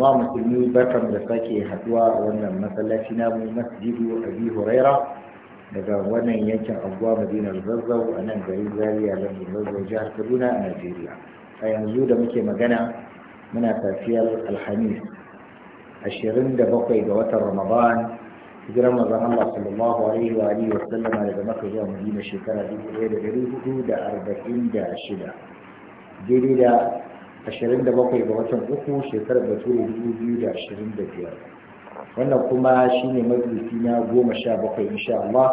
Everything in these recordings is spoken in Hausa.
wa musulmi barkan da sake haɗuwa a wannan masallaci namu masjidu abi huraira daga wannan yankin anguwa madinar zazzau a nan garin zaria lardin zazzau jihar kaduna a najeriya a yanzu da muke magana muna tafiyar alhamis ashirin da bakwai ga watan ramadan hijiran mazan allah sallallahu alaihi wa alihi daga maka zuwa madina shekara dubu da hudu da arba'in da shida daidai da da 27 ga watan uku shekarar bature 2025 wannan kuma shine majalisi na 17 insha Allah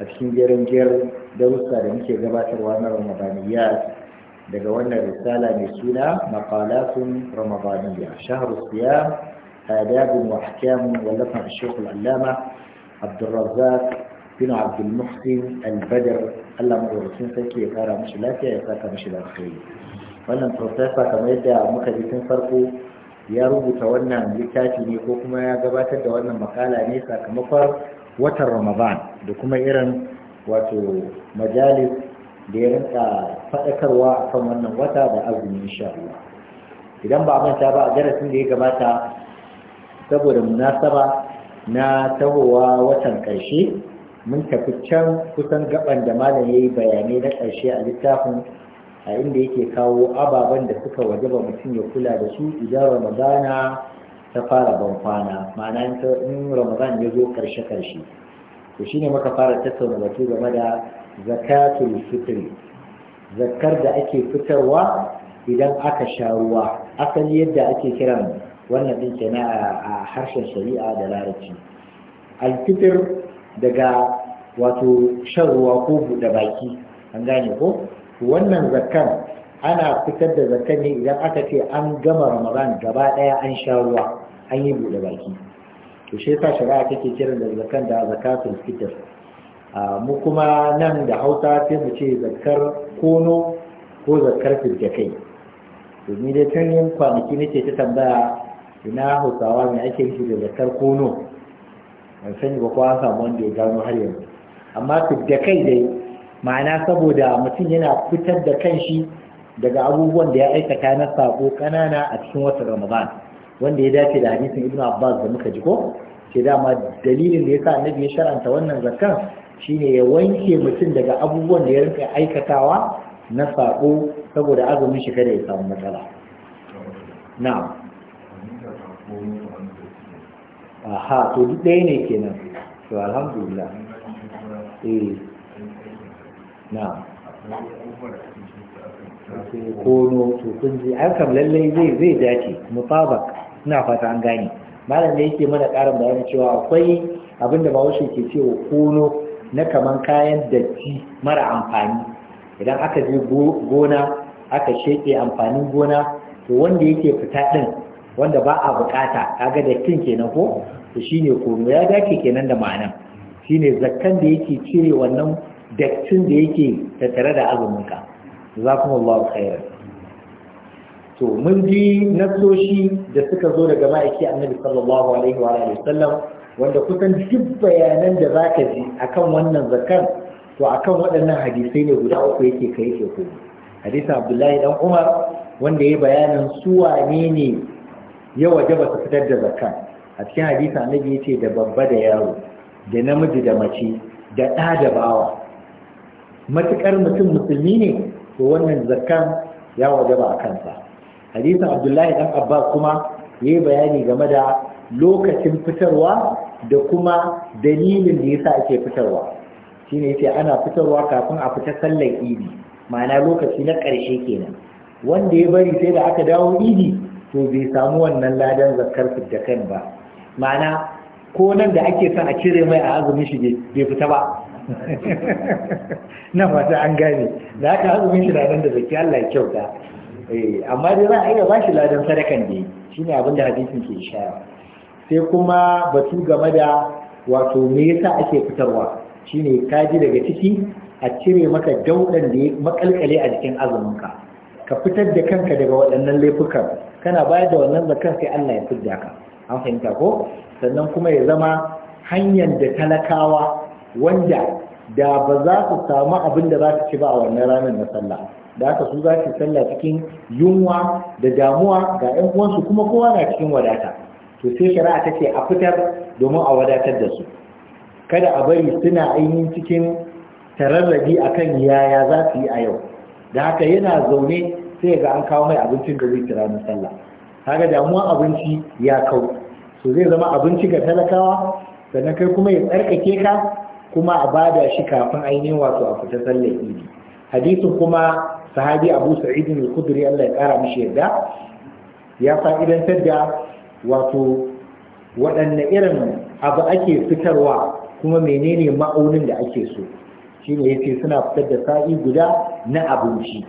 a cikin jerin jerin darussa da muke gabatarwa na ramadaniya daga wannan risala mai suna maqalatun ramadaniya shahru siyam adabun wa ahkamun wallafa Sheikh Al-Allama Abdulrazzaq bin Abdul Muhsin Al-Badr Allah mu rubucin sarki ya fara mishi lafiya ya saka mishi da alkhairi wannan profesa kamar yadda muka ji tun farko ya rubuta wannan littafi ne ko kuma ya gabatar da wannan makala ne sakamakon watan ramadan da kuma irin wato majalis da ya rinka faɗakarwa a kan wannan wata da azumi insha Allah idan ba a manta ba a darasin da ya gabata saboda munasaba na tahowa watan ƙarshe mun tafi can kusan gaban da malam ya yi bayanai na ƙarshe a littafin a inda yake kawo ababen da suka wajaba mutum ya kula da su idan ramadana ta fara ban kwana ma'ana in ramadan ya zo karshe karshe to shine maka fara tattauna batu game da zakatul zakar da ake fitarwa idan aka sha ruwa asali yadda ake kiran wannan din kenan a harshen shari'a da larabci alfitir daga wato shan ruwa ko buɗe baki an gane ko wannan zakkan ana fitar da zakkan ne idan aka ce an gama ramadan gaba daya an sha ruwa an yi bude baki to shi yasa shari'a take kiran da zakkan da zakatul fitr mu kuma nan da hausa sai mu ce zakkar kono ko zakkar fitjakai ni dai tun yin kwanaki nake ta tambaya ina hausawa mai ake nufi da zakkar kono ban sani ba ko an samu wanda ya gano har yanzu amma fitjakai dai ma'ana saboda mutum yana fitar da kanshi daga abubuwan da ya aikata na sako kanana a cikin watan ramadan wanda ya dace da hadisin ibn abbas da muka ji ko ke dama dalilin da ya sa annabi ya shar'anta wannan zakkan shine ya wanke mutum daga abubuwan da ya rinka aikatawa na sako saboda azumin shi kada ya samu matsala na'am aha to duk ɗaya ne kenan to alhamdulillah eh na kono to kun ji lallai zai zai dace mutabak ina fata an gane malam da yake mana karin bayani cewa akwai abin da ke cewa kono na kaman kayan datti mara amfani idan aka je gona aka sheke amfanin gona to wanda yake fita din wanda ba a bukata kaga dattin kenan ko to shine kono ya dace kenan da ma'anan shine zakkan da yake cire wannan dattin da yake tattare da azuminka za kuma Allah khairar to mun ji nasoshi da suka zo daga ma'aiki annabi sallallahu alaihi wa alihi sallam wanda kusan duk bayanan da zaka ji akan wannan zakar to akan waɗannan hadisai ne guda uku yake kai ke ku hadisin Abdullahi dan Umar wanda ya bayanin su wane ne ya wajaba su fitar da zakar a cikin hadisin annabi yace da babba da yaro da namiji da mace da ɗa da bawa matukar mutum musulmi ne to wannan zakkan ya wajaba a kansa hadisin abdullahi dan abbas kuma ya yi bayani game da lokacin fitarwa da kuma dalilin da yasa ake fitarwa shine yace ana fitarwa kafin a fita sallar idi ma'ana lokaci na ƙarshe kenan wanda ya bari sai da aka dawo idi to bai samu wannan ladan zakkar fidda kan ba ma'ana ko nan da ake son a cire mai a azumin shi bai fita ba na fata an gane da aka azumin shi ranar da zaki Allah ya kyauta eh, amma dai za a iya ba shi ladan sadakan ne shi ne abinda hadisin ke shaya sai kuma batu game da wato me yasa ake fitarwa shine ka ji daga ciki a cire maka daudan da ya makalkale a jikin azuminka ka fitar da kanka daga waɗannan laifukan kana bayar da wannan zakar sai Allah ya fidda ka an fahimta ko sannan kuma ya zama hanyar da talakawa wanda da ba za su samu abin da za su ci ba a wannan ranar na sallah da haka su za su sallah cikin yunwa da damuwa ga 'yan uwansu kuma kowa na cikin wadata to sai shari'a ta ce a fitar domin a wadatar da su kada a bari suna ainihin cikin tararrabi kan yaya za su yi a yau da haka yana zaune sai ga an kawo mai abincin da zai ci ranar sallah kaga damuwa abinci ya kau to zai zama abinci ga talakawa sannan kai kuma ya tsarkake ka kuma a bada shi kafin ainihin wato a fita sallar idi hadisin kuma sahabi abu sa'id bin khudri Allah ya kara mishi yadda ya fa'idantar da wato waɗanne irin abu ake fitarwa kuma menene ma'aunin da ake so shine yace suna fitar da sa'i guda na abinci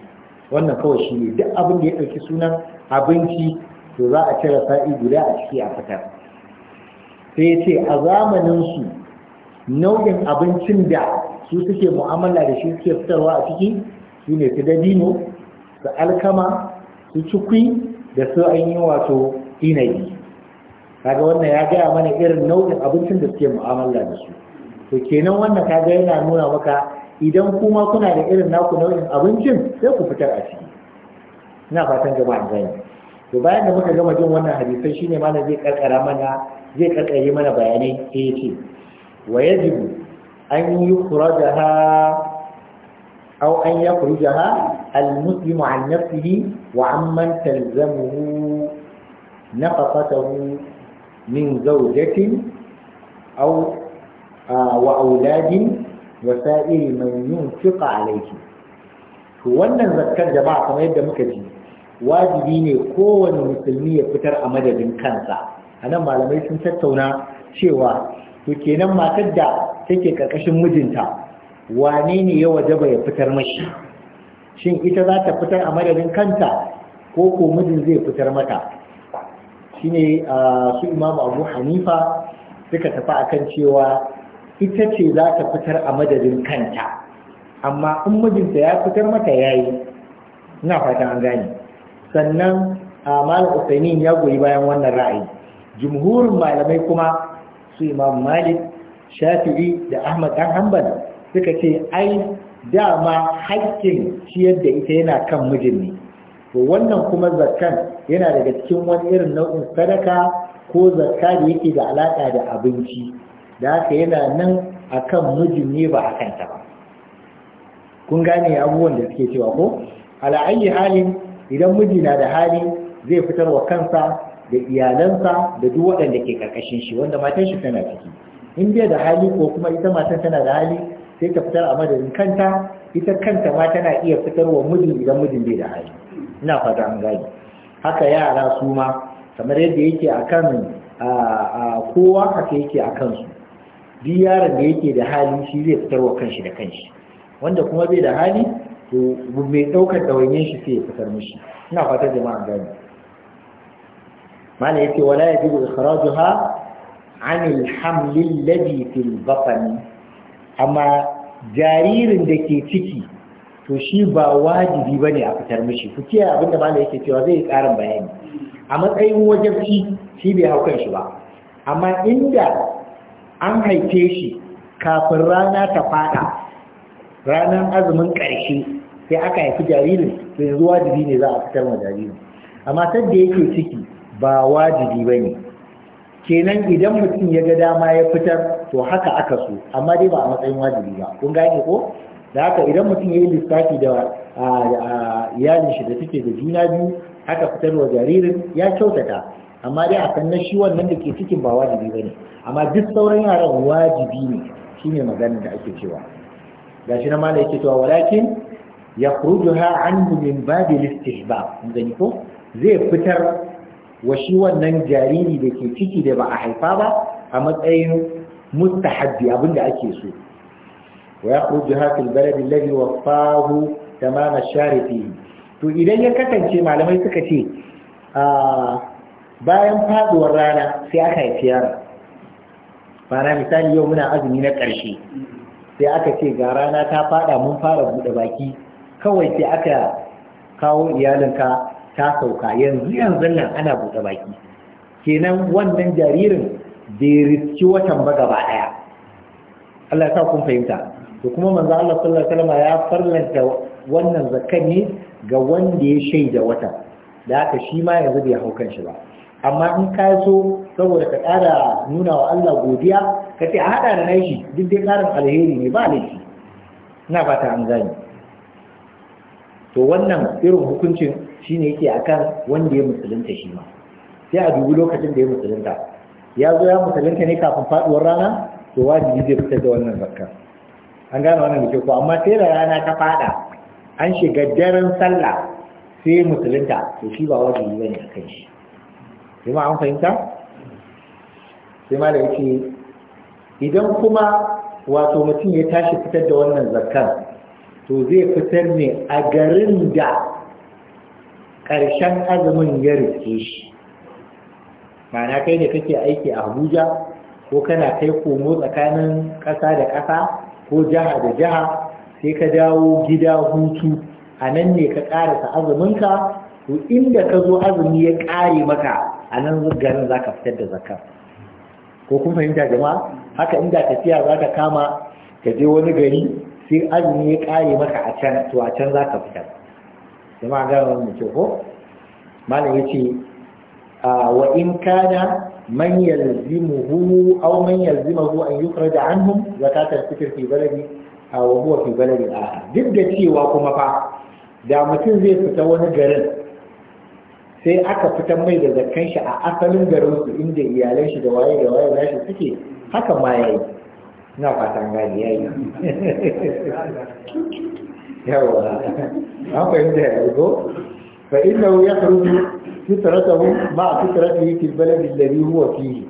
wannan kawai shine duk abin da ya ɗauki sunan abinci to za a cire sa'i guda a ciki a fitar sai yace a zamanin su nau'in abincin da su suke mu'amala da shi suke fitarwa a ciki su ne su dabino su alkama su cikwi da su an yi wato inayi kaga wannan ya gaya mana irin nau'in abincin da suke mu'amala da su to kenan wannan kaga yana nuna maka idan kuma kuna da irin naku nau'in abincin sai ku fitar a ciki ina fatan gaba a gani to bayan da muka gama jin wannan hadisai shine malam zai karkara mana zai karkare mana bayanai sai eh, ya ce wa yajibu an yukhrajaha أو أن يخرجها المسلم عن نفسه وعمن تلزمه نفقته من زوجة أو آه وأولاد وسائر من ينفق عليه wannan zakkar jama'a kamar yadda muka ji wajibi ne kowane musulmi ya fitar a madadin kansa anan malamai sun tattauna cewa to kenan matar da take karkashin mijinta wane ne ya wajaba ya fitar mashi shin ita za ta fitar a madadin kanta ko ko mijin zai fitar mata Shi ne su imamu abu hanifa suka tafi akan cewa ita ce za ta fitar a madadin kanta amma in mijinta ya fitar mata ya yi ina fatan an gane sannan malam usainin ya goyi bayan wannan ra'ayi jumhurin malamai kuma su imam malik shafi'i da ahmad dan hanbal suka ce ai dama haƙƙin ciyar da ita yana kan mijin ne to wannan kuma zakkan yana daga cikin wani irin nau'in sadaka ko zakka da yake da alaƙa da abinci da haka yana nan akan mijin ne ba a kanta ba kun gane abubuwan da suke cewa ko ala halin idan miji na da hali zai fitar wa kansa da iyalansa da duk waɗanda ke karkashin shi wanda matan shi tana ciki in bai da hali ko kuma ita matan tana da hali sai ta fitar a madadin kanta ita kanta ma tana iya fitarwa mijin idan mijin bai da hali ina fata an gane haka yara su ma kamar yadda yake akan kowa haka yake a kansu duk yaron da yake da hali shi zai fitarwa kanshi da kanshi wanda kuma bai da hali to mai ɗaukar ɗawainiyar shi sai ya fitar mishi ina fata jama'a gani mana yace wala yajibu ikhrajuha an alhaml alladhi fil amma jaririn da ke ciki to shi ba wajibi bane a fitar mishi ku kiyaye abinda malam yake cewa zai karin bayani a matsayin wajibi shi bai hau kan shi ba amma inda an haife shi kafin rana ta fada ranar azumin ƙarshe sai aka haifi jaririn to yanzu wajibi ne za a fitar wa jaririn amma sadda yake ciki ba wajibi ba ne kenan idan mutum ya ga dama ya fitar to haka aka so amma dai ba a matsayin wajibi ba kun gane ko da haka idan mutum ya yi lissafi da iyalin shi da suke da juna biyu haka fitarwa jaririn ya kyautata amma dai a kan na shi wannan da ke cikin ba wajibi ba ne amma duk sauran yaran wajibi ne shine maganar da ake cewa shi na mala yake cewa walakin ya kuruju ha an min babil istihbab kun gani ko zai fitar wa shi wannan jariri da ke ciki da ba a haifa ba a matsayin mustahabbi abinda ake so wa ya kuji hafil baladi lalli wa fahu tamama sharifi to idan ya kasance malamai suka ce bayan faduwar rana sai aka haifi bana misali yau muna azumi na ƙarshe sai aka ce ga rana ta fada mun fara buɗe baki kawai sai aka kawo iyalinka ta sauka yanzu yanzu nan ana buɗe baki kenan wannan jaririn bai riski watan ba gaba ɗaya Allah ya sa kun fahimta to kuma manzo Allah sallallahu alaihi wasallam ya farlanta wannan zakani ne ga wanda ya shaida wata da haka shi ma yanzu bai hau kan shi ba amma in ka so saboda ka ƙara nuna wa Allah godiya ka ce a haɗa da nashi duk dai ƙarin alheri ne ba laifi ina fata an gani to wannan irin hukuncin Shi ne yake akan wanda ya musulunta shi ma sai a dubi lokacin da ya musulunta ya zo ya musulunta ne kafin faduwar rana to wajibi zai fitar da wannan zakka an gane wannan da ko amma sai da rana ta fada an shiga daren sallah sai musulunta to shi ba wajibi ne a kan shi sai ma an fahimta sai ma da yake idan kuma wato mutum ya tashi fitar da wannan zakkan to zai fitar ne a garin da ƙarshen azumin ya rufe shi mana kai da kake aiki a abuja ko kana kai komo tsakanin ƙasa da ƙasa ko jaha da jaha sai ka dawo gida hutu a nan ne ka ƙarasa azuminka to inda ka zo azumi ya ƙare maka a nan garin za ka fitar da zakka ko kun fahimta jama'a haka inda tafiya za ka kama ka je wani gari sai azumi ya ƙare maka a can to a can za ka fitar jama'a gara mu ke ko malam yace wa in zimu man Au manyan man hu? an yukhraj anhum zakatar fitr fi baladi A huwa fi baladi a duk da cewa kuma fa da mutum zai fita wani garin sai aka fitar mai da zakkan shi a asalin garin su inda iyalan shi da waye da waye shi suke haka ma yayi na fatan gani yayi yawa an fahimta ya ko fa inna ya faru fitratahu ma fitratihi fil balad alladhi huwa fihi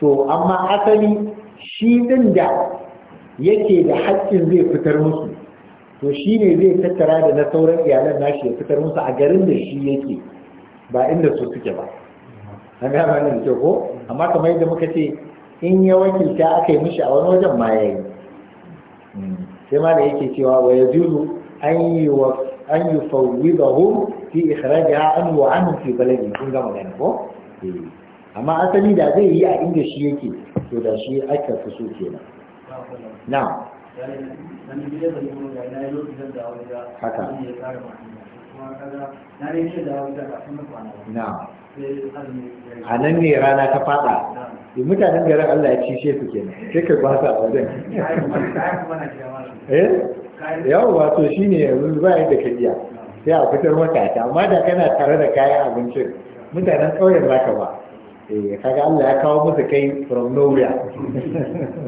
to amma asali shi ɗin da yake da haƙƙin zai fitar musu to shi ne zai tattara da na sauran iyalan nashi ya fitar musu a garin da shi yake ba inda su suke ba an gama da kyau ko amma kamar yadda muka ce in ya wakilta aka yi mishi a wani wajen ma ya yi sai ma da yake cewa wa yajuzu an yi wa an yi fawwidahu fi ikhrajiha an wa an fi baladi kun ga magana ko eh. amma asali da zai yi a inda shi yake to da shi ake fi so kenan Na. haka a nan ne rana ta fada mutanen garin Allah ya cishe su ke sai ka ba su a wajen eh yawon wato shi ne yanzu ba yadda ka kariya sai a fitar matata amma da kana tare da kayan abincin mutanen ƙauyen za ka ba eh kaga Allah ya kawo musu kai from nowhere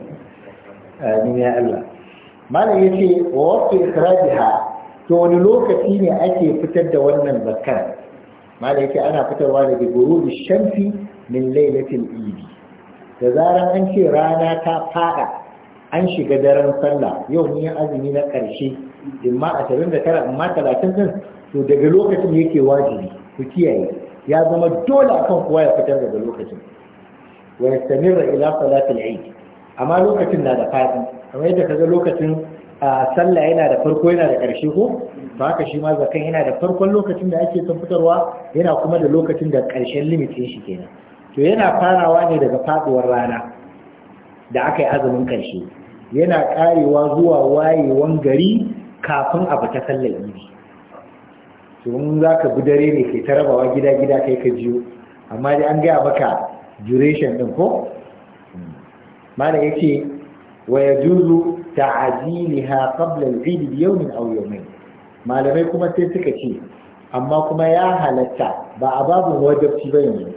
amin ya Allah malam yace wa waqti ikrajiha to wani lokaci ne ake fitar da wannan zakar ma da yake ana fitarwa daga gurubi shamfi min lailatul idi da zaran an ce rana ta fada an shiga daren sallah yau ni azumi na karshe imma 29 imma 30 din to daga lokacin yake wajibi ku kiyaye ya zama dole akan kowa ya fitar daga lokacin wa yastamirra ila salatul eid amma lokacin na da fadi kamar yadda kaga lokacin a sallah yana da farko yana da ƙarshe ko ba haka shi ma zakan yana da farkon lokacin da ake son yana kuma da lokacin da ƙarshen limitin shi kenan to yana farawa ne daga faduwar rana da aka yi azumin ƙarshe yana ƙarewa zuwa wayewan gari kafin a fita sallar idi to in za ka bi dare ne kai ta rabawa gida gida kai ka jiyo amma dai an gaya maka duration ɗin ko malam ya ويجوز تعجيلها قبل العيد بيوم او يومين ما Malamai kuma سي suka ce amma kuma ya halatta ba a babu wajibi ba yanzu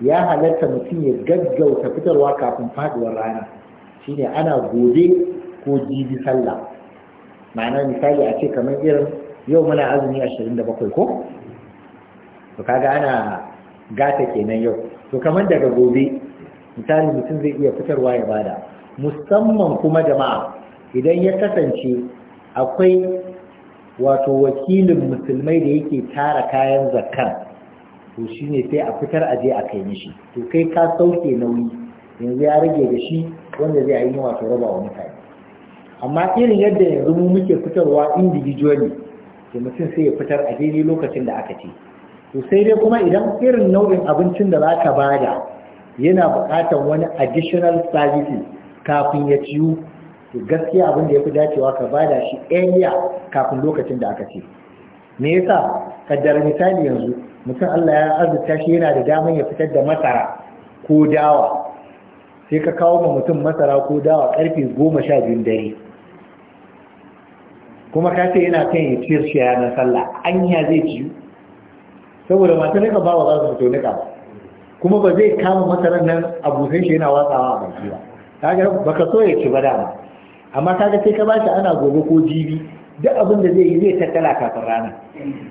ya halatta mutum ya gaggauta fitarwa kafin faduwar rana shine ana gobe ko jibi sallah ma'ana misali a ce kamar irin yau muna azumi 27 ko to kaga ana gata kenan yau to kamar daga gobe misali mutum zai iya fitarwa ya bada musamman kuma jama'a idan ya kasance akwai wato wakilin musulmai da yake tara kayan zakkan to shine sai a fitar aje a kai mishi to kai ka sauke nauyi yanzu ya rage da shi wanda zai yi wato raba wa mutane amma irin yadda yanzu mu muke fitarwa individually to mutum sai ya fitar a daidai lokacin da aka ce to sai dai kuma idan irin nau'in abincin da za zaka bada yana buƙatar wani additional services kafin ya ciyu to gaskiya abin da ya fi dacewa ka bada shi ɗaya kafin lokacin da aka ce me yasa kaddar misali yanzu mutum Allah ya arzuta shi yana da daman ya fitar da masara ko dawa sai ka kawo ma mutum masara ko dawa karfe goma sha biyun dare kuma ka ce yana kan ya ciyar shi ranar sallah yi zai ciyu saboda masu nika ba wa za su fito nika ba kuma ba zai kama masarar nan a busan shi yana watsawa a baki ba kaga baka so ya ci ba dama amma kaga sai ka bashi ana gobe ko jibi duk abin da zai yi zai tattala kafin rana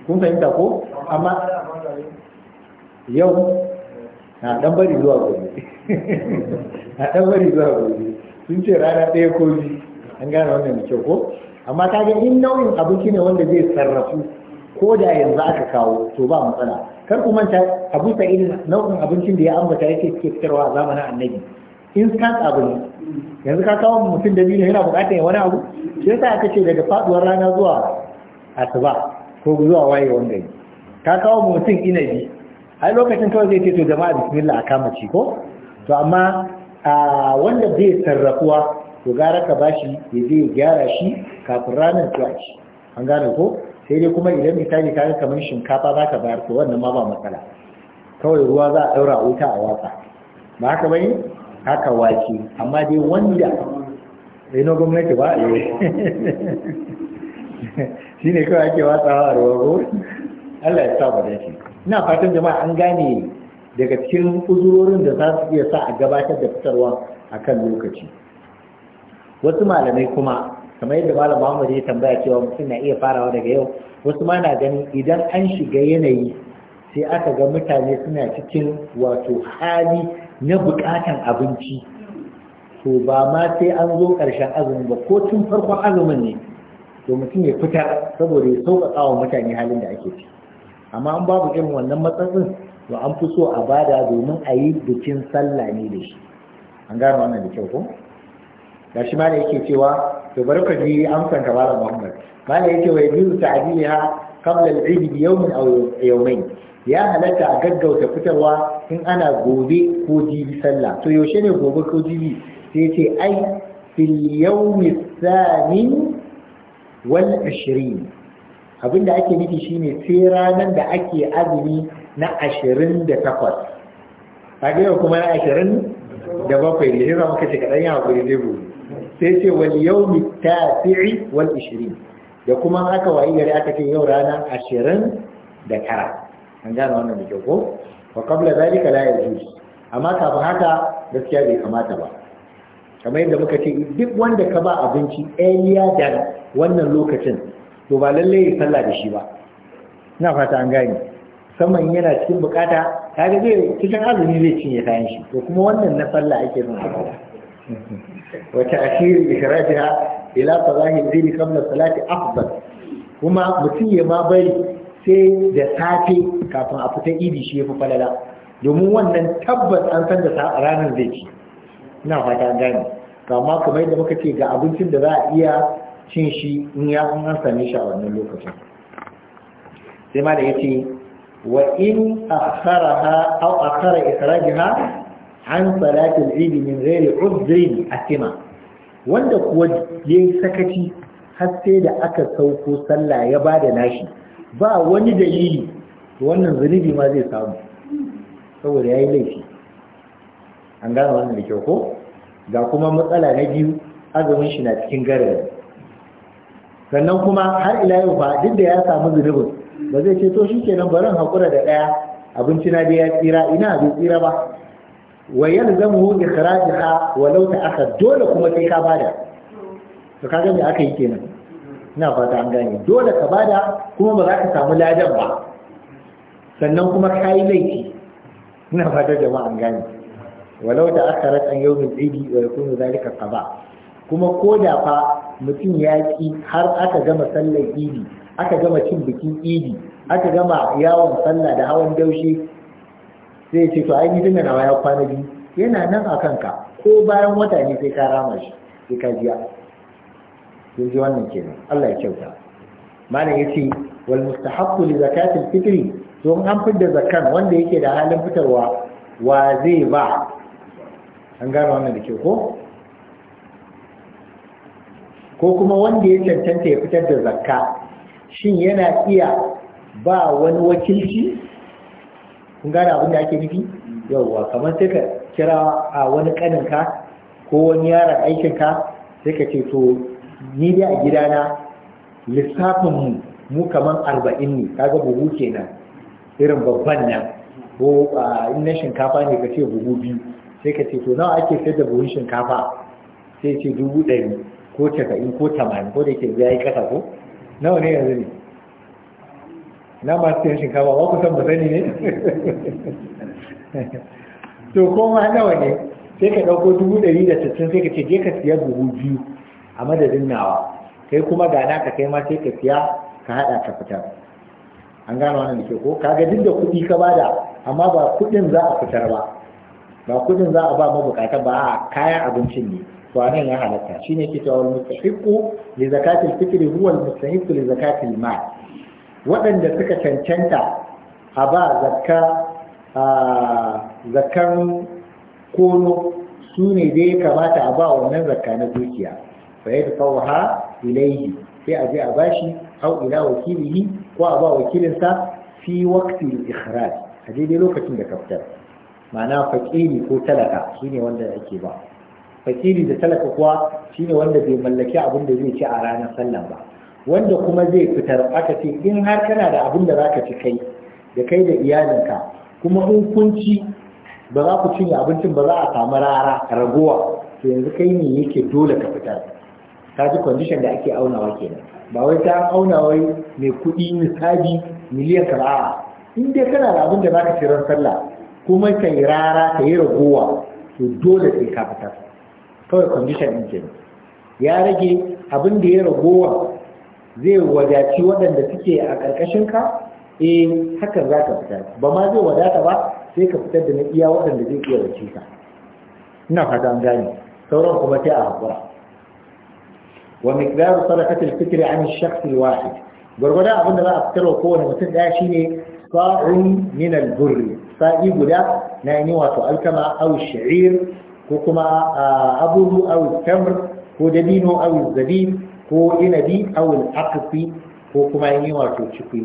kun fahimta ko amma yau na dan bari zuwa gobe na dan bari zuwa gobe sun ce rana ɗaya ko biyu an gane wannan da kyau ko amma kaga in nau'in abinci ne wanda zai sarrafu ko da yanzu aka kawo to ba matsala kar ku manta abu sa'id nau'in abincin da ya ambata yake suke fitarwa a zamanin annabi instant abu ne yanzu ka kawo mutum da biyu yana bukatar wani abu shi yasa aka ce daga faduwar rana zuwa asuba ko zuwa waye wanda yi ka kawo mutum inabi a lokacin kawai zai ce to jama'a bismillah a kama ci ko to amma a wanda bai sarrafuwa to gara ka bashi ya je ya gyara shi kafin ranar zuwa shi an gane ko sai dai kuma idan misali ka ga kamar shinkafa za ka bayar to wannan ma ba matsala kawai ruwa za a ɗaura wuta a watsa ba haka ne? haka wake amma dai wanda reno gwamnati ba a shi ne kawai ake watsawa a ruwa Allah ya sa ba da shi ina fatan jama'a an gane daga cikin uzurorin da za su iya sa a gabatar da fitarwa a kan lokaci wasu malamai kuma kamar yadda malam Muhammad ya tambaya cewa mutum na iya farawa daga yau wasu ma na gani. idan an shiga yanayi sai aka ga mutane suna cikin wato hali na bukatan abinci to ba ma sai an zo ƙarshen azumi ba ko tun farkon azumin ne to mutum ya fita saboda ya sauƙaƙa wa mutane halin da ake ci amma an babu irin wannan matsatsin to an fi so a bada domin a yi bikin sallah ne da shi an gano wannan da kyau ko gashi ma yake cewa to bari ka ji amsan ka malam Muhammad mala yake wa yajiru ta'dilaha qabla al-eid bi yawmin aw yawmayn ya halatta a gaggauta fitarwa in ana gobe ko jibi sallah to yaushe ne gobe ko jibi sai ce ai fil yawmi thamin wal 20 abinda ake nufi shine sai ranar da ake azumi na 28 kage kuma na ashirin da bakwai ne sai muka ce kadan ya hakuri sai ce wal yawmi tasi'i wal 20 da kuma aka wayi gari aka ce yau rana ashirin da kara an gane wannan da kyau ko wa kabla zalika la yajuz amma kafin haka gaskiya bai kamata ba kamar yadda muka ce duk wanda ka ba abinci earlier than wannan lokacin to ba lalle ya salla da shi ba ina fata an gane saman yana cikin bukata kaga zai cikin azumi zai cinye kayan shi to kuma wannan na salla ake nuna Wace wata ashiri ishrajiha ila salahi dini qabla salati afdal kuma mutum ya ma bari sai da safe kafin a fita idi shi ya fi falala domin wannan tabbas an san da sa ranar zai ci ina fata gane amma kamar yadda muka ce ga abincin da za a iya cin shi in ya an same shi a wannan sai ma da yace wa in akharaha aw akhara ikrajiha an salatul idi min ghairi udhrin atima wanda kuwa yayi sakaci har sai da aka sauko sallah ya bada nashi ba wani dalili wannan zunubi ma zai samu saboda yayi laifi an gane wannan da kyau ko ga kuma matsala na biyu azumin shi na cikin garin sannan kuma har ila yau ba duk da ya samu zunubin ba zai ce to shikenan barin hakura da ɗaya. abinci na da ya tsira ina zai tsira ba wa yalzamu ikhrajaha walau ta'akhkhar dole kuma sai ka bada to ka gani aka yi kenan ina fata an gane dole ka bada kuma ba za ka samu ladan ba sannan kuma ka yi laifi ina fata jama'a an gane walau ta'akhkharat an yawmin idi wa kuma zalika qada kuma ko da fa mutum ya ki har aka gama sallar idi aka gama cin bikin idi aka gama yawon sallah da hawan daushe sai ce to ai ni nawa ya kwana biyu yana nan a kanka ko bayan wata ne sai ka rama shi sai ka biya sun ji wannan kenan Allah ya kyauta malam ce wal mustahaqqu li zakati al fitri to an fidda zakan wanda yake da halin fitarwa wa zai ba an gano wannan da ke ko ko kuma wanda ya cancanta ya fitar da zakka shin yana iya ba wani wakilci kun gane abin da ake nufi yawwa kamar sai ka kira a wani kaninka ko wani yaran aikinka sai ka ce to ni dai a gidana lissafin mu mu kamar arba'in ne kaga buhu kenan irin babban nan ko in na shinkafa ne ka ce buhu biyu sai ka ce to nawa ake sayar da buhun shinkafa sai ce dubu ɗari ko casa'in ko tamanin ko da ke ya yi ƙasa ko nawa ne yanzu ne na masu siyan shinkafa ba ku san ba sani ne to koma nawa ne sai ka ɗauko dubu ɗari da sittin sai ka ce je ka siya buhu biyu a madadin nawa kai kuma ga ka kai ma sai ka siya ka haɗa ka fitar an gano wannan da ke ko kaga duk da kuɗi ka bada amma ba kuɗin za a fitar ba ba kuɗin za a ba mabukata ba a kayan abincin ne to a nan ya halatta shine ke cewa wal mustahiqu fitri huwa al li zakatil mal waɗanda suka cancanta a ba zakka zakkan kono su ne dai ya kamata a ba wannan zakka na dukiya fa yadda fawaha ilaihi sai a je a bashi au ila wakilihi ko a ba wakilinsa fi waqti al-ikhraj a dai lokacin da kaftar ma'ana fakiri ko talaka shine wanda ake ba fakiri da talaka kuwa shine wanda bai mallaki abin da zai ci a ranar sallah ba wanda kuma zai fitar aka ce in har kana da abin da zaka ci kai da kai da iyalinka kuma in kun ci ba za ku cinye abincin ba za a samu rara ragowa to yanzu kai ne yake dole ka fitar ka ji condition da ake aunawa kenan ba wai ta auna wai mai kuɗi misali miliyan ka a'a in dai kana da abin da zaka ci ran sallah kuma ka yi rara ka yi ragowa to dole sai ka fitar kawai condition din kenan ya rage abin da ya ragowa zai wadaci waɗanda suke a ƙarƙashinka eh hakan za ka fitar ba ma zai wadata ba sai ka fitar da na iya waɗanda zai iya wace ka ina fata an gane sauran kuma sai a haƙura wa miqdaru sadaqatil fitr an ash-shakhs al-wahid gurgurda abinda za a fitar wa kowane mutum daya shine sa'un min al-burr sa'i guda na yi wato alkama aw shi'ir ko kuma ah, Abudu aw tamr ko dabino aw zabib ko inabi awul aqfi ko kuma yi wato cikwi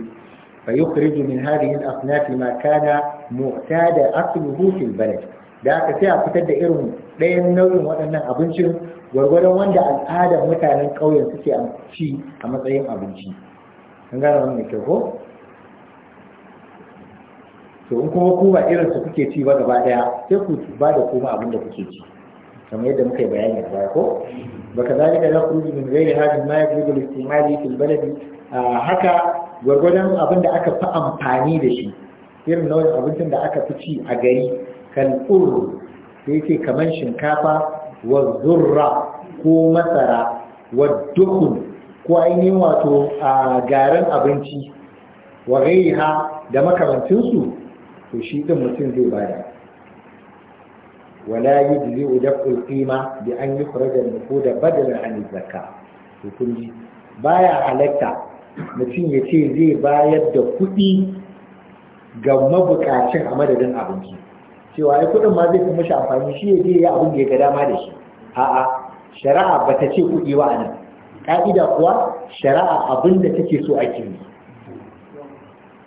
fa yukhriju min hadhihi al-asnaf ma kana mu'tada asluhu fil balad da aka sai a fitar da irin ɗayan nau'in waɗannan abincin gwargwadon wanda al'adar mutanen ƙauyen suke ci a matsayin abinci an gane wannan kyau ko to in kuma ku irin su kuke ci ba gaba ɗaya, sai ku ba da kuma abin da kuke ci كما يدى مكي بيان الزاكو وكذلك نخرج من غير هذا ما يجب الاستعمال في البلد هكا gwargwadon abin da aka fi amfani da shi irin nau'in abincin da aka fi ci a gari kan uru da yake kamar shinkafa wa zurra ko matsara, wa dukun ko ainihin wato a garin abinci wa gairiha da makamancinsu to shi ɗin mutum zai bada ولا يجزي دفع القيمة بأن يخرج النقود بدلا عن الزكاة hukunci baya halatta mutum ya ce zai bayar da kuɗi ga mabukacin a madadin abinci cewa ai kuɗin ma zai kuma mashi amfani shi ya je ya abin da ya ga dama da shi a'a shari'a ba ta ce kuɗi ba anan ka'ida kuwa shari'a abin da take so ake yi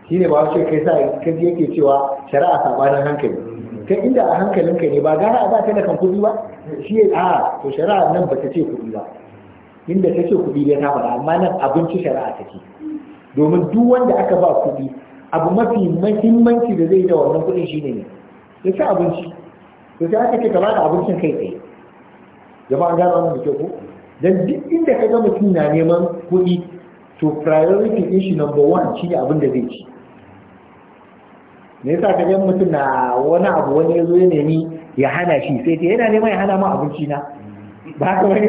shine ba wace kai sa yake cewa shari'a sabanin hankali kai inda a hankalinka ne ba gara a ba talakan kuɗi ba shi a to shari'a nan ba ta ce kuɗi ba inda ta ce kuɗi ne ta faɗa amma nan abinci shari'a ta ce domin duk wanda aka ba kuɗi abu mafi mahimmanci da zai da wannan kuɗin shine ne ya ci abinci to sai aka ce ka bada abincin kai tsaye jama'a gano wannan da ke ko dan duk inda ka ga mutum na neman kuɗi to priority din number one shine abin da zai ci me yasa ka gan mutum na wani abu wani yazo zo ya nemi ya hana shi sai ta yana neman ya hana mu abinci na ba ka wani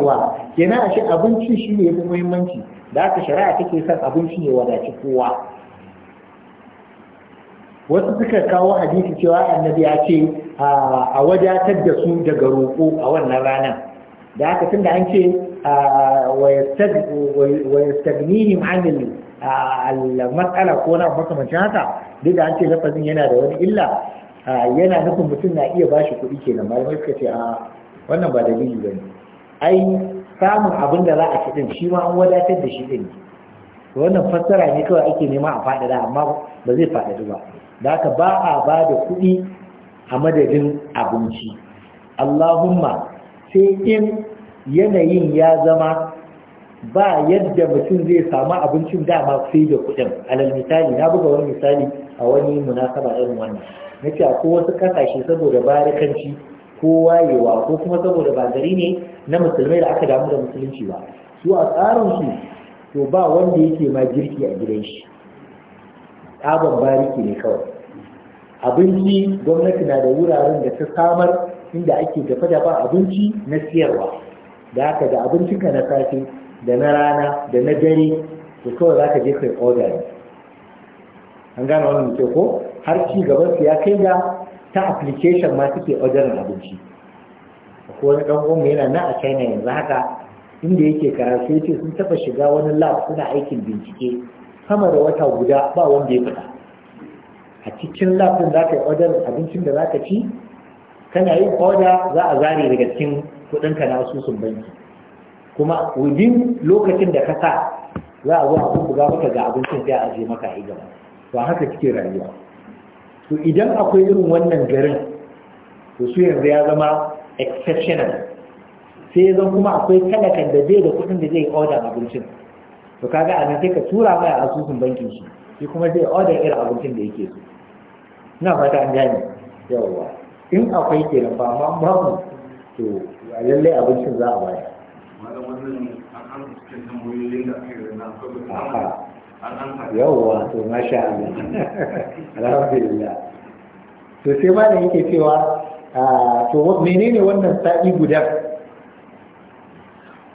uwa kenan a shi abinci shi ne yafi muhimmanci da haka shari'a take son abinci ne wadaci kowa wasu suka kawo hadisi cewa annabi ya ce a wadatar da su daga roƙo a wannan ranar da haka tunda an ce wa yastagnihim anil al-mas'ala ko na makamancin haka duk da an ce lafazin yana da wani illa yana nufin mutum na iya bashi kuɗi kenan mai suka ce a wannan ba dalili bane ai samun abin da za a ci shi ma an wadatar da shi din wannan fassara ne kawai ake nema a faɗaɗa amma ba zai faɗaɗu ba da haka ba a ba da kuɗi a madadin abinci Allahumma sai in yanayin ya zama ba yadda mutum zai samu abincin dama sai da kuɗin alal misali na buga wani misali a wani munasaba irin wannan na ce ko wasu kasashe saboda barikanci ko wayewa ko kuma saboda ba gari ne na musulmai da aka damu da musulunci ba su a tsarin su to ba wanda yake ma girki a gidan shi tsaban bariki ne kawai abinci gwamnati na da wuraren da ta samar inda ake dafa dafa abinci na siyarwa da haka da abincinka na safe da na rana da na dare to kawai za ka je kai order ne an gane wannan mutum ko har ci gaban su ya kai ga ta application ma suke order abinci ko wani dan uwan yana na a China yanzu haka inda yake karatu yace sun taba shiga wani lab suna aikin bincike sama da wata guda ba wanda ya fita a cikin lab din zaka yi order abincin da za ka ci kana yin oda za a zare daga cikin kuɗinka na asusun banki kuma within lokacin da ka sa za a zo a buga maka ga abincin sai a je maka a gaba to haka kike rayuwa to idan akwai irin wannan garin to su yanzu ya zama exceptional sai zan kuma akwai talakan da bai da kudin da zai order abincin to kaga a nan sai ka tura mai asusun bankin shi shi kuma zai order irin abincin da yake so ina fata an gane yawwa in akwai ke ba ma babu to lalle abincin za a baya yawwa to masha Allah alhamdulillah to sai ma da yake cewa to menene wannan sa'i guda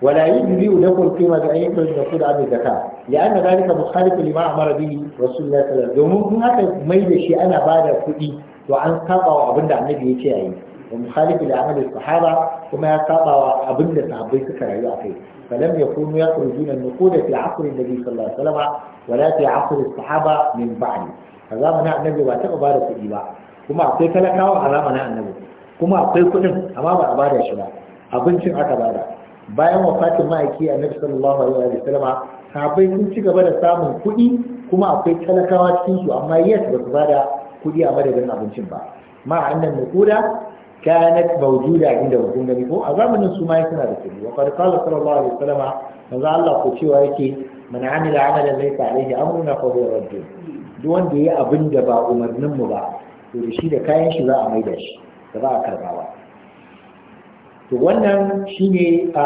ولا يجزي لكم قيمة أن يخرج المفروض عن الزكاة لأن ذلك مخالف لما أمر به رسول الله صلى الله عليه وسلم domin kun haka mai da shi ana bada kuɗi to an saba wa abin da annabi ya ce a yi wa mukhalifu da amalin sahaba kuma ya saba wa abin da sahabbai suka rayu a kai falam yakunu yakhrujuna an-nuquda fi 'asri an sallallahu alaihi wasallam wala fi 'asri sahaba min ba'di a zamanin annabi ba taɓa ba da kuɗi ba kuma akwai talakawa a zamanin annabi kuma akwai kuɗin amma ba a ba da shi ba abincin aka ba da bayan wafatin ma'aiki annabi sallallahu alaihi wa sahabbai sun ci gaba da samun kuɗi kuma akwai talakawa cikin su amma yes ba su ba da kudi a madadin abincin ba ma annan nukuda kanat maujuda inda hukun gani ko a zamanin su ma suna da kudi wa qad qala sallallahu alaihi wasallam manzo Allah ko cewa yake man amila amalan laysa alaihi amruna fa huwa radd duk wanda yayi abin da ba umarnin mu ba to da shi da kayan shi za a maida shi da za a karba ba to wannan shine a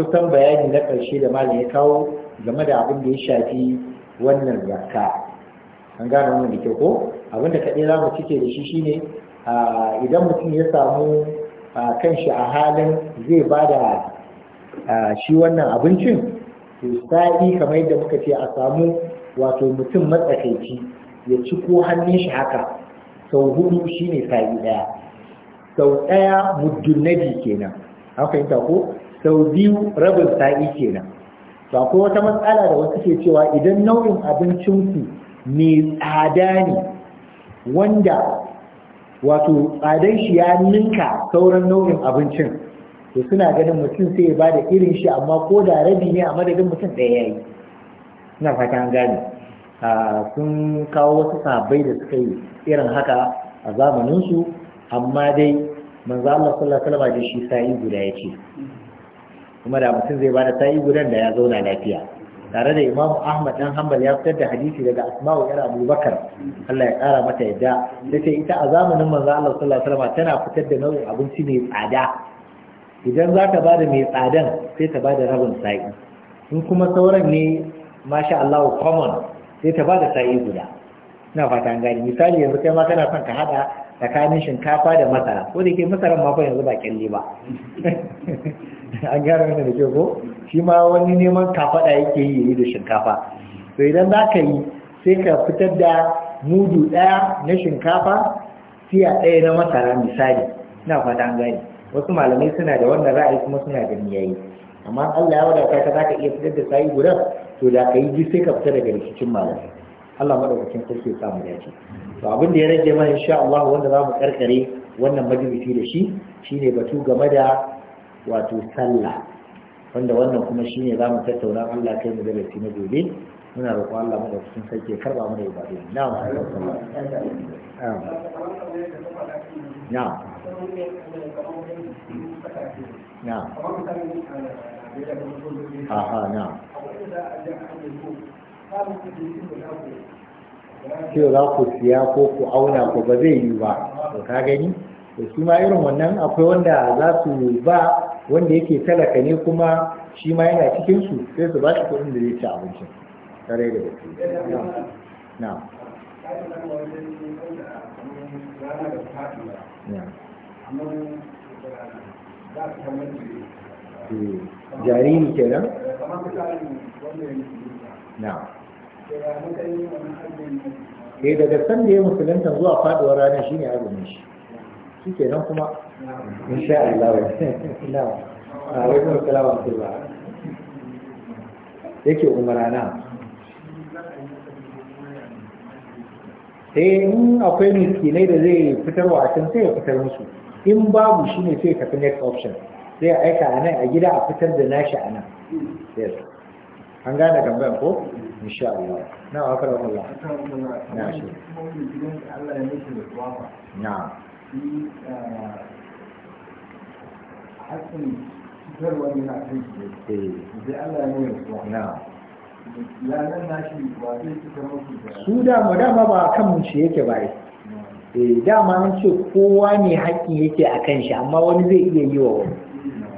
kusan bayani na ƙarshe da malam ya kawo game da abin da ya shafi wannan zakka an gane wannan da kyau ko abinda kaɗai za mu cike da shi shine idan mutum ya samu kanshi a halin zai ba da shi wannan abincin to sa'i kamar yadda muka ce a samu wato mutum matsakaici ya ci ko hannun shi haka sau hudu shine sa'i ɗaya sau ɗaya muddin kenan an fahimta ko sau biyu rabin sa'i kenan to akwai wata matsala da wasu ke cewa idan nau'in abincinku mai tsada ne wanda wato tsadan shi ya ninka sauran nau'in abincin to suna ganin mutum sai ya bada irin shi amma ko da rabi ne a madadin mutum ɗaya yayi Suna fata an gane sun kawo wasu sabai da suka yi irin haka a zamaninsu amma dai manzo Allah sallallahu alaihi wasallam da shi sa'i guda yace kuma da mutum zai bada sa'i gudan da ya zauna lafiya tare da imamu ahmad dan hanbal ya fitar da hadisi daga asma'u yar abubakar Allah ya kara mata yadda ce ita a zamanin manzo Allah sallallahu alaihi wasallam tana fitar da nau'in abinci mai tsada idan za ta bada mai tsadan sai ta bada rabin sa'i in kuma sauran ne masha Allah common sai ta bada sa'i guda ina fata an gani misali yanzu kai ma kana son ka haɗa. tsakanin shinkafa da masara ko da ke masaran ma fa yanzu ba kyalle ba an gyara mana da ke ko shi ma wani neman kafaɗa yake yi da shinkafa to idan za ka yi sai ka fitar da mudu ɗaya na shinkafa siya ɗaya na masara misali ina fata an gani wasu malamai suna da wannan ra'ayi kuma suna da niyayi amma Allah ya wadata ka za ka iya fitar da sa'i guda to da ka yi ji sai ka fita daga rikicin malamai Allah madaukakin sarki ya samu dace to abin da ya rage mana insha Allah wanda za mu karkare wannan majibici da shi shine batu game da wato sallah wanda wannan kuma shine za mu tattauna Allah kai mu darasi na gobe muna roƙon Allah mu da cikin sarki ya karba mu da ibadu na'am na'am na'am na'am aha na'am ce za ku siya ko ku auna ko ba zai yi ba to ka gani to shi ma irin wannan akwai wanda za su ba wanda yake talaka ne kuma shi ma yana cikin su sai su ba shi kuɗin da zai ci abincin tare da gaske na eh, kenan na eh daga san da ya musulunta zuwa faduwar rana shine azumin shi shike nan kuma in insha Allah na ah, alaikum salam wa rahmatullah yake umarana sai eh, in akwai miskinai da zai fitar wa can sai ya fitar musu in babu shine sai ka fi next option sai a aika a nan a gida a fitar da nashi a nan an gane tambayar ko insha Allah na wa kar Allah na shi Allah ya da na hakkin Na shi eh Allah ya da na Na shi ba zai musu da su da mu dama ba kan mu shi yake ba eh dama mun ce kowa ne hakkin yake akan shi amma wani zai iya yi wa wani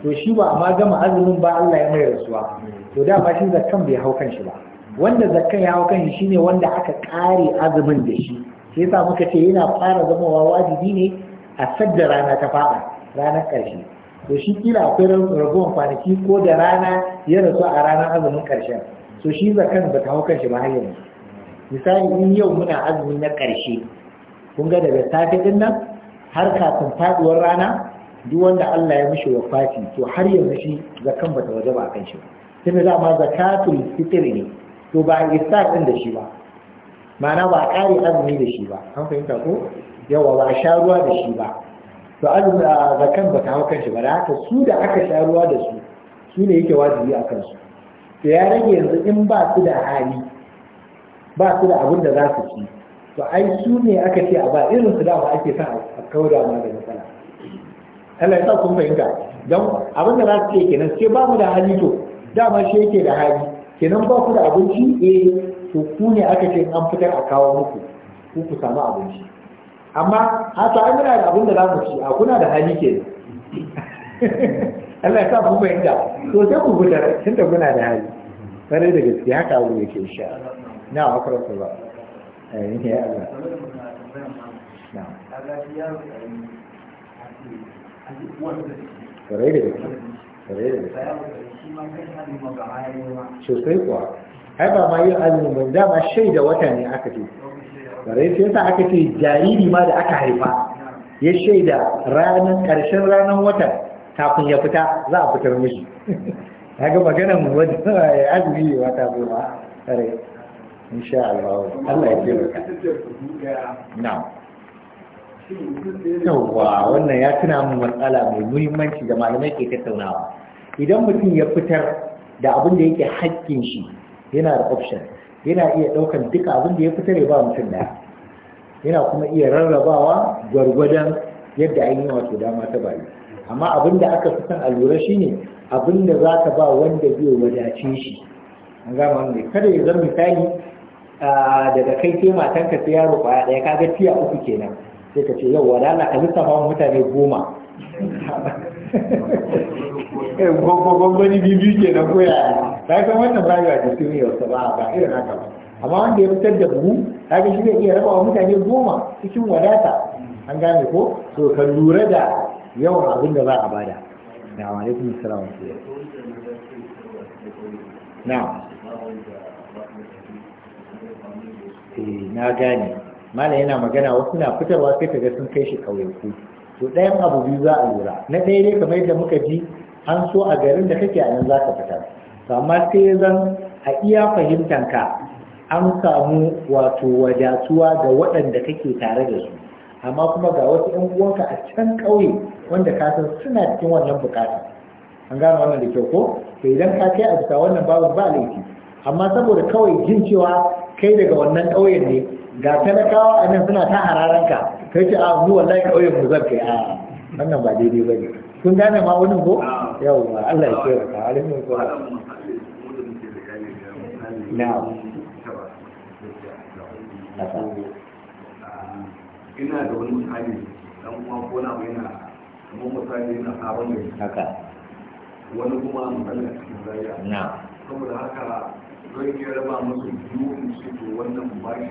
to shi ba amma gama azumin ba Allah ya mai rasuwa to da ba shi zakkan bai hau kan shi ba wanda zakkan ya hau kan shi shine wanda aka kare azumin da shi sai yasa muka ce yana fara zamowa wajibi ne a sadda rana ta fada ranar karshe to shi kila akwai ragowar kwanaki ko da rana ya rasu a ranar azumin karshen to shi zakan ba ta hau kan shi ba har yanzu misali in yau muna azumi na karshe kun ga daga safe din nan har kafin faduwar rana duk wanda Allah ya mishi wafati to har yanzu shi zakan bata waje ba kan shi ba tunda dama zakatul fitr ne to ba iftar din da shi ba ma'ana ba a ƙari azumi da shi ba an fahimta ko yawa ba sha ruwa da shi ba to azumi a zakan ba ta hau kan shi ba da haka su da aka sha ruwa da su su ne yake wajibi a kansu to ya rage yanzu in ba su da hali ba su da abin da za su ci to ai su ne aka ce a ba irin su ba ake son a kauda ma da matsala Allah ya sa kun fahimta don abin da za su ce kenan sai ba mu da hali to dama shi yake da hali kenan ba ku da abinci eh to ku ne aka ce an fitar a kawo muku ku ku samu abinci amma hata an yana da abin da za mu ci a kuna da hali ke Allah ya sa ku fahimta to sai ku fitar tun da kuna da hali kare da gaske haka abu yake insha Allah na akwai ba eh ne Allah da da sosai kuwa ai ba ma yi azumi ba dama shaida wata ne aka ce bare sai sa aka ce jariri ma da aka haifa ya shaida ranar ƙarshen ranar watan kafin ya fita za a fitar mishi ya ga maganan mu wanda ya azumi ya wata zo ma tare sha Allah Allah ya taimaka na yawwa wannan ya tuna mu matsala mai muhimmanci da malamai ke tattaunawa idan mutum ya fitar da abin da yake haƙƙin shi yana da option yana iya ɗaukan duka abin da ya fitar ya ba mutum ɗaya yana kuma iya rarrabawa gwargwadon yadda an yi wato dama ta bayi amma abin da aka fi son a lura shi ne abin da za ka ba wanda zai wadace shi an gama wanda kada ya zama misali daga kai sai matanka sai yaro kwaya ɗaya kaga tiya uku kenan sai ka ce yau wadana a lissafa mutane goma ni bibi ke na ya ta san wannan bayan da su ne wasu ba ba irin haka ba amma wanda ya fitar da mu, ta ga shi zai iya raba mutane goma cikin wadata an gane ko to ka lura da yawan abin da za a bada na wani kuma salam wa na na gane malam yana magana wasu na fitarwa sai ka ga sun kai shi kauyaku to ɗayan abu biyu za a lura na ɗaya dai kamar yadda muka ji an so a garin da kake a nan za ka fitar to amma sai zan a iya fahimtanka an samu wato wadatuwa ga waɗanda kake tare da su amma kuma ga wasu ‘yan uwanka a can ƙauye wanda ka san suna cikin wannan bukata an gano wannan da kyau ko to idan ka kai a bisa wannan babu ba laifi amma saboda kawai jin cewa kai daga wannan ƙauyen ne ga talakawa a nan suna ta hararanka kai ce a zuwa wallahi kauyen mu zan a wannan ba daidai ba ne kun gane ma wani ko Yau, yawwa Allah ya kiyaye ka halin mu ko na'am ina da wani misali dan kuma ko na yana kamar misali na sabon gari haka wani kuma misali a cikin zariya na'am saboda haka don ya raba musu biyu in ce to wannan daga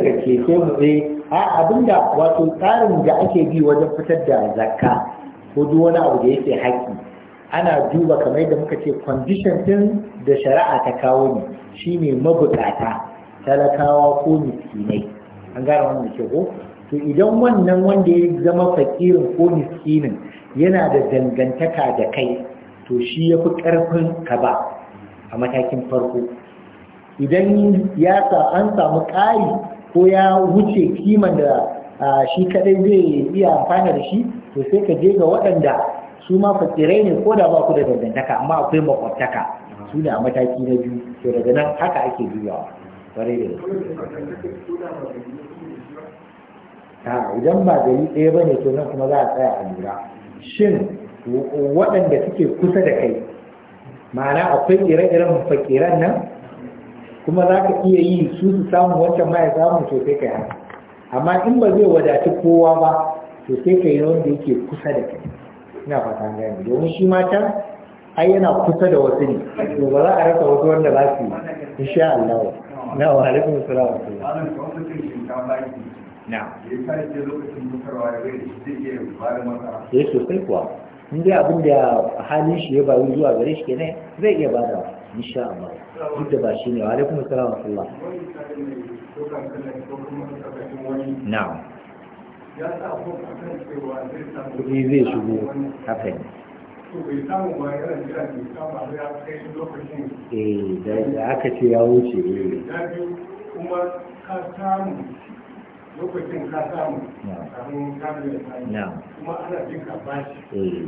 keke zai eh. a abinda wato tsarin da ake bi wajen fitar da zakka ko duk wani abu da yake haƙƙi ana duba kamar da muka ce condition din da shari'a ta kawo ne shine mabukata talakawa ko miskinai an gane wannan ke ko to idan wannan wanda ya zama fakirin ko miskinin yana da dangantaka da kai to shi ya fi ƙarfin ka ba a matakin farko idan ya an samu ƙari ko ya wuce kiman da shi kaɗai zai iya amfana da shi to sai ka je ga waɗanda su ma fasirai ne ko da ba ku da dangantaka amma akwai makwabtaka su ne a mataki na biyu to daga nan haka ake juyawa kwarai da gaske idan ba gari ɗaya ba ne to nan kuma za a tsaya a lura shin waɗanda suke kusa da kai ma'ana akwai ire-iren fakiran nan kuma za ka iya yi su su samu wancan ma ya samu to sai kai haka amma in ba zai wadaci kowa ba to sai ka yi wanda yake kusa da kai ina fata gani domin shi mata ai yana kusa da wasu ne to ba za a rasa wasu wanda za su yi insha Allah na wa alaikum salam na ya eh, sosai kuwa in dai abin da halin shi ya bayu zuwa gare shi kenan zai iya bada insha Allah duk da ba shi ne wa alaikum assalam wa na'am ya sa ko kuɗi zai shigo haka ne eh da aka ce ya wuce ne da kuma ka samu lokacin ka samu kuma ana jin ka bashi eh.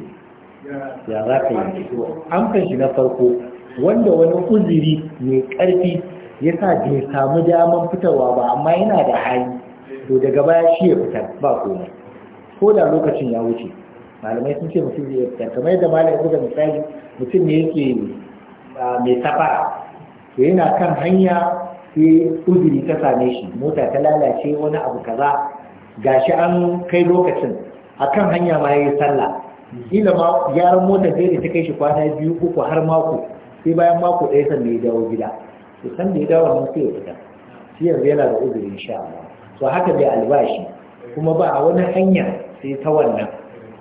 ya za ka yi kan shi na farko wanda wani uziri mai ƙarfi ya sa bai samu daman fitarwa ba amma yana da hali to daga baya shi ya fitar ba komai ko da lokacin ya wuce malamai sun ce mutum ya fitar kamar yadda malamai ya buga misali mutum ne yake ah, mai safara to yana kan hanya sai uzuri ta same shi mota ta lalace wani abu kaza gashi an kai lokacin akan hanya ma yayi sallah ila ma yaran motar da ta kai shi kwana biyu uku har mako sai bayan mako ɗaya da ya dawo gida to san da ya dawo nan sai ya fita shi yanzu yana da uzuri insha Allah to haka bai albashi kuma ba a wani hanya sai ta wannan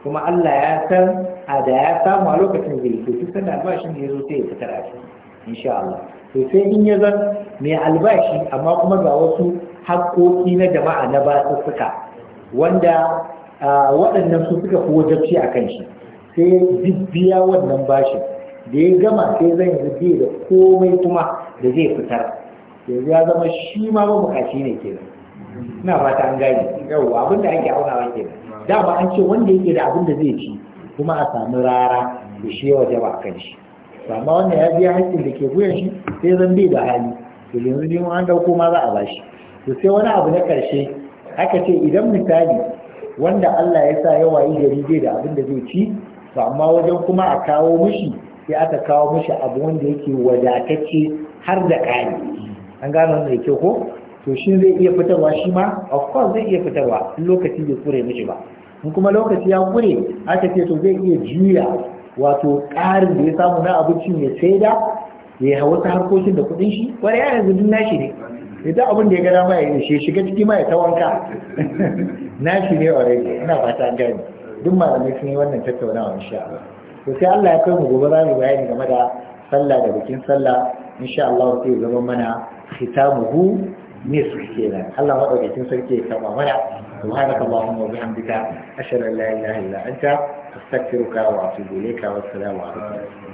kuma Allah ya san a da ya samu a lokacin zai to duk sanda albashin da ya zo sai ya fitar a shi insha Allah to sai in ya zan mai albashi amma kuma ga wasu haƙoƙi na jama'a na basussuka wanda waɗannan su suka fi wajabci a kan shi sai biya wannan bashin da ya gama sai zan yi da komai kuma da zai fitar yanzu ya zama shi ma mabukaci ne ke. ina fata an gane yau abin da ake aunawa Da dama an ce wanda yake da abin da zai ci kuma a sami rara da shi yawa jama'a kan shi amma wanda ya biya haƙƙin da ke wuyan shi sai zan bai da hali to yanzu ne an dauko ma za a shi to sai wani abu na ƙarshe aka ce idan misali wanda Allah ya sa yawa yi gari zai da abin da zai ci to amma wajen kuma a kawo mishi sai aka kawo mishi abu wanda yake wadatacce har da ƙari an gano wannan yake ko to shi zai iya fitarwa shi ma of course zai iya fitarwa in lokaci bai kure mishi ba in kuma lokaci ya kure aka ce to zai iya juya wato ƙarin da ya samu na abincin ya saida ya hawa ta harkokin da kuɗin shi wani yana yanzu nashi ne idan abin da ya gada ma ya shi shiga ciki ma ya ta wanka nashi ne already ina fata an gane duk malamai sun yi wannan tattaunawa insha Allah to sai Allah ya kai mu gobe za mu bayani game da sallah da bikin sallah insha Allah sai zama mana khitamuhu nisf kenan Allah madaukakin sarki ya kama mana subhanakallahumma wa bihamdika ashhadu an la ilaha illa anta astaghfiruka wa atubu ilayka wa assalamu alaikum